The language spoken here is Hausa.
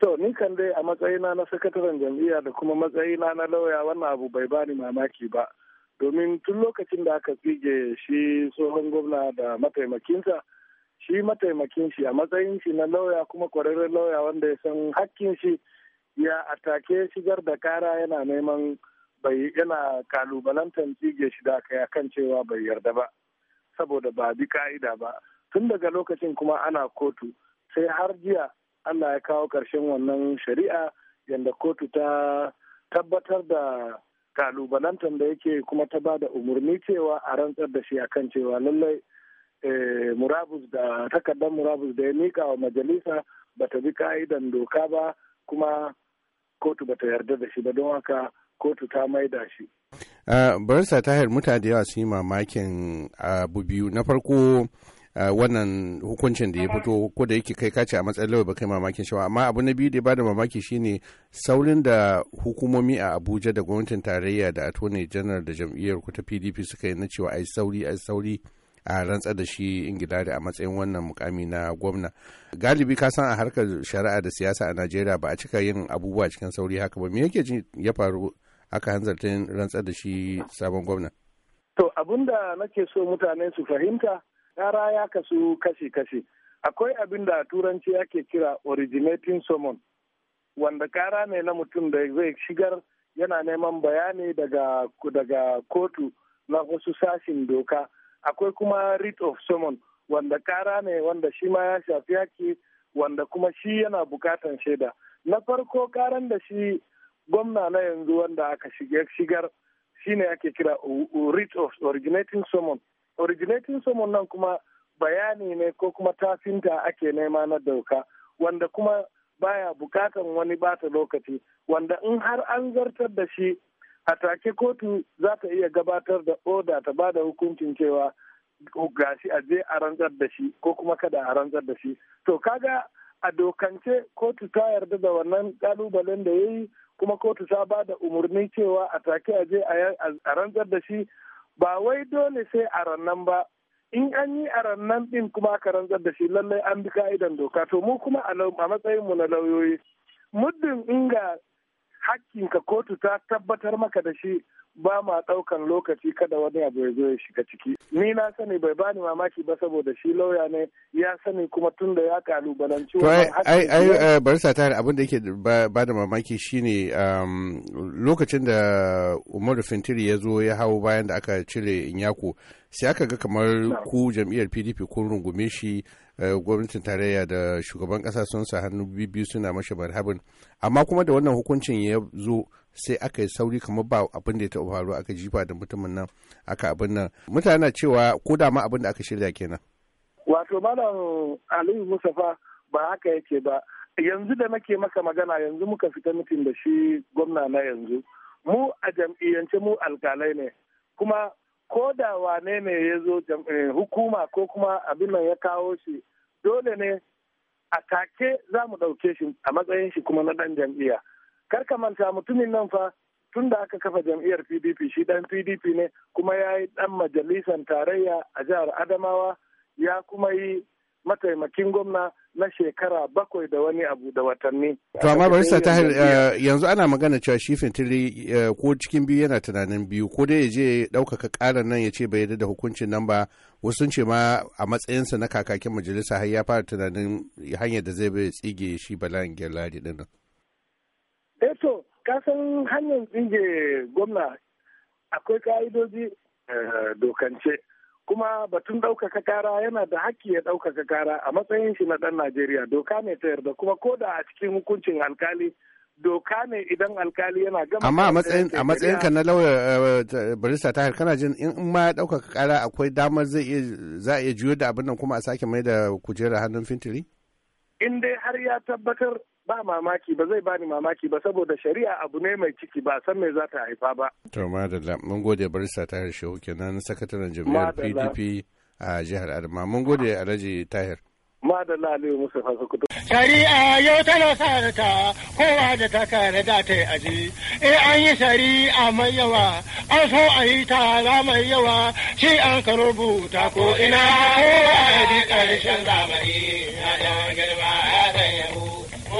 To ni kan dai a matsayina na sakataren jam'iyya da kuma matsayina na lauya wannan abu bai bani mamaki ba. Domin tun lokacin da aka tsige shi tsohon gwamna da mataimakinsa, shi mataimakin shi a matsayin shi na lauya kuma kwararren lauya wanda ya san hakkin shi ya atake shigar da kara yana neman bai yana kalubalantar tsige shi da aka kan cewa bai yarda ba saboda ba bi ka'ida ba tun daga lokacin kuma ana kotu sai har jiya allah ya kawo ƙarshen wannan shari'a yadda kotu ta tabbatar da kalubalantan da yake kuma ta ba da umarni cewa a rantsar da shi a kan cewa lallai eh, murabus da takardar murabus da ya mika wa majalisa ba ta bi ka'idan doka ba kuma kotu ba ta yarda da shi ba don haka kotu ta maida shi. Uh, Barista Tahir mutane da yawa sun yi mamakin abu biyu na farko wannan hukuncin da ya fito ko da yake kai kace a matsayin lauya ba kai mamakin shawa amma abu na biyu da ba da mamaki shine saurin da hukumomi a Abuja da gwamnatin tarayya da Attorney General da jam'iyyar ku ta PDP suka yi na cewa ai sauri ai sauri a rantsar da shi ingilari a matsayin wannan mukami na gwamna galibi ka san a harkar shari'a da siyasa a najeriya ba a cika yin abubuwa cikin sauri haka ba me yake ya faru aka hanzarta rantsar da shi sabon gwamna to abun da nake so mutane su fahimta kara ya kasu kashi-kashi akwai abin da turanci ake kira originating summon wanda kara ne na mutum da zai shigar yana neman bayani daga, daga kotu na wasu sashin doka akwai kuma writ of summon wanda kara ne wanda shi ma ya shafi yaki wanda kuma shi yana bukatan shaida na farko karan da shi gwamna na yanzu wanda aka shigar shine ake kira writ of originating summon originating summon nan kuma bayani ne ko kuma tafinta ake nema na doka wanda kuma baya bukatan wani bata lokaci wanda in har an zartar da shi a take kotu za ta iya gabatar da oda ta ba da hukuncin cewa gashi a je a rantsar da shi ko kuma kada a rantsar da shi to kaga a dokance kotu ta yarda da wannan kalubalen da ya yi kuma kotu ta ba da umarni cewa a take a je a rantsar da shi ba wai dole sai a rannan ba in an yi a rannan din kuma aka rantsar da shi lallai an bi ka'idan doka to mu kuma a matsayin mu na lauyoyi muddin inga hakkinka kotu ta tabbatar maka da shi ba ma ɗaukan lokaci kada wani abu ya zo ya shiga ciki. Ni na sani bai bani mamaki ba saboda shi lauya ne ya sani kuma tun da ya kalubalanci wannan ai ai eh, barista tare abin da yake ba da mamaki shine um, lokacin da Umaru Fintiri ya zo ya hau bayan da aka cire Inyako sai aka ga kamar ku jam'iyyar PDP kun rungume shi Eh, gwamnatin tarayya da shugaban kasa sun sa hannu biyu suna mashi barhabin amma kuma da wannan hukuncin ya zo sai aka yi sauri kamar ba abin da ya taɓa faru aka jifa da mutumin nan aka abin nan mutane na cewa ko da ma abin da aka shirya kenan wato malam aliyu musafa ba haka yake ba yanzu da nake maka magana yanzu muka fita mitin da shi gwamna na yanzu mu a jam'iyyance mu alkalai ne kuma ko da wane ne ya zo eh, hukuma ko kuma abin nan ya kawo shi dole ne a take za mu ɗauke shi a matsayin shi kuma na ɗan jam'iyya kar ka manta mutumin nan fa tun da aka kafa jam'iyyar pdp shi ɗan pdp ne kuma ya yi ɗan majalisar tarayya a jihar adamawa ya kuma yi mataimakin gwamna na shekara bakwai da wani abu da watanni. To amma barista eh, yanzu ana magana cewa shi fintili eh, ko cikin biyu yana tunanin biyu ko dai ya je ɗaukaka ƙarar nan ya ce bai yarda da hukuncin nan ba wasu ce ma a matsayinsa na kakakin majalisa har ya fara tunanin hanyar da zai bai tsige shi bala'in gyalari ɗin nan. Eh to kasan hanyar tsige gwamna akwai ka'idoji eh, dokance. kuma batun ɗaukaka kara yana da haƙƙi ya ɗaukaka kara a matsayin shi na ɗan najeriya doka ne ta yarda kuma ko da a cikin hukuncin alkali doka ne idan alkali yana gama amma a matsayin a matsayin ka na lauya eh, eh, barista tahir kana jin in ma ya ɗaukaka kara akwai damar zai iya za a iya juyo da abin nan kuma a sake mai da kujera hannun fintiri in dai har ya tabbatar ba mamaki ba zai bani mamaki ba saboda shari'a abu ne mai ciki ba san me za ta haifa ba. To madalla mun gode barista Tahir Shehu kenan sakataren jami'ar PDP a jihar Adama mun gode Alhaji Tahir. Madalla Aliyu Fasa Kudu. Shari'a yau tana sa ta kowa da ta kare da ta yi aji. E an yi shari'a mai yawa an so a yi tara mai yawa shi an ka rubuta ko ina kowa da yi ƙarshen zamani ya girma ya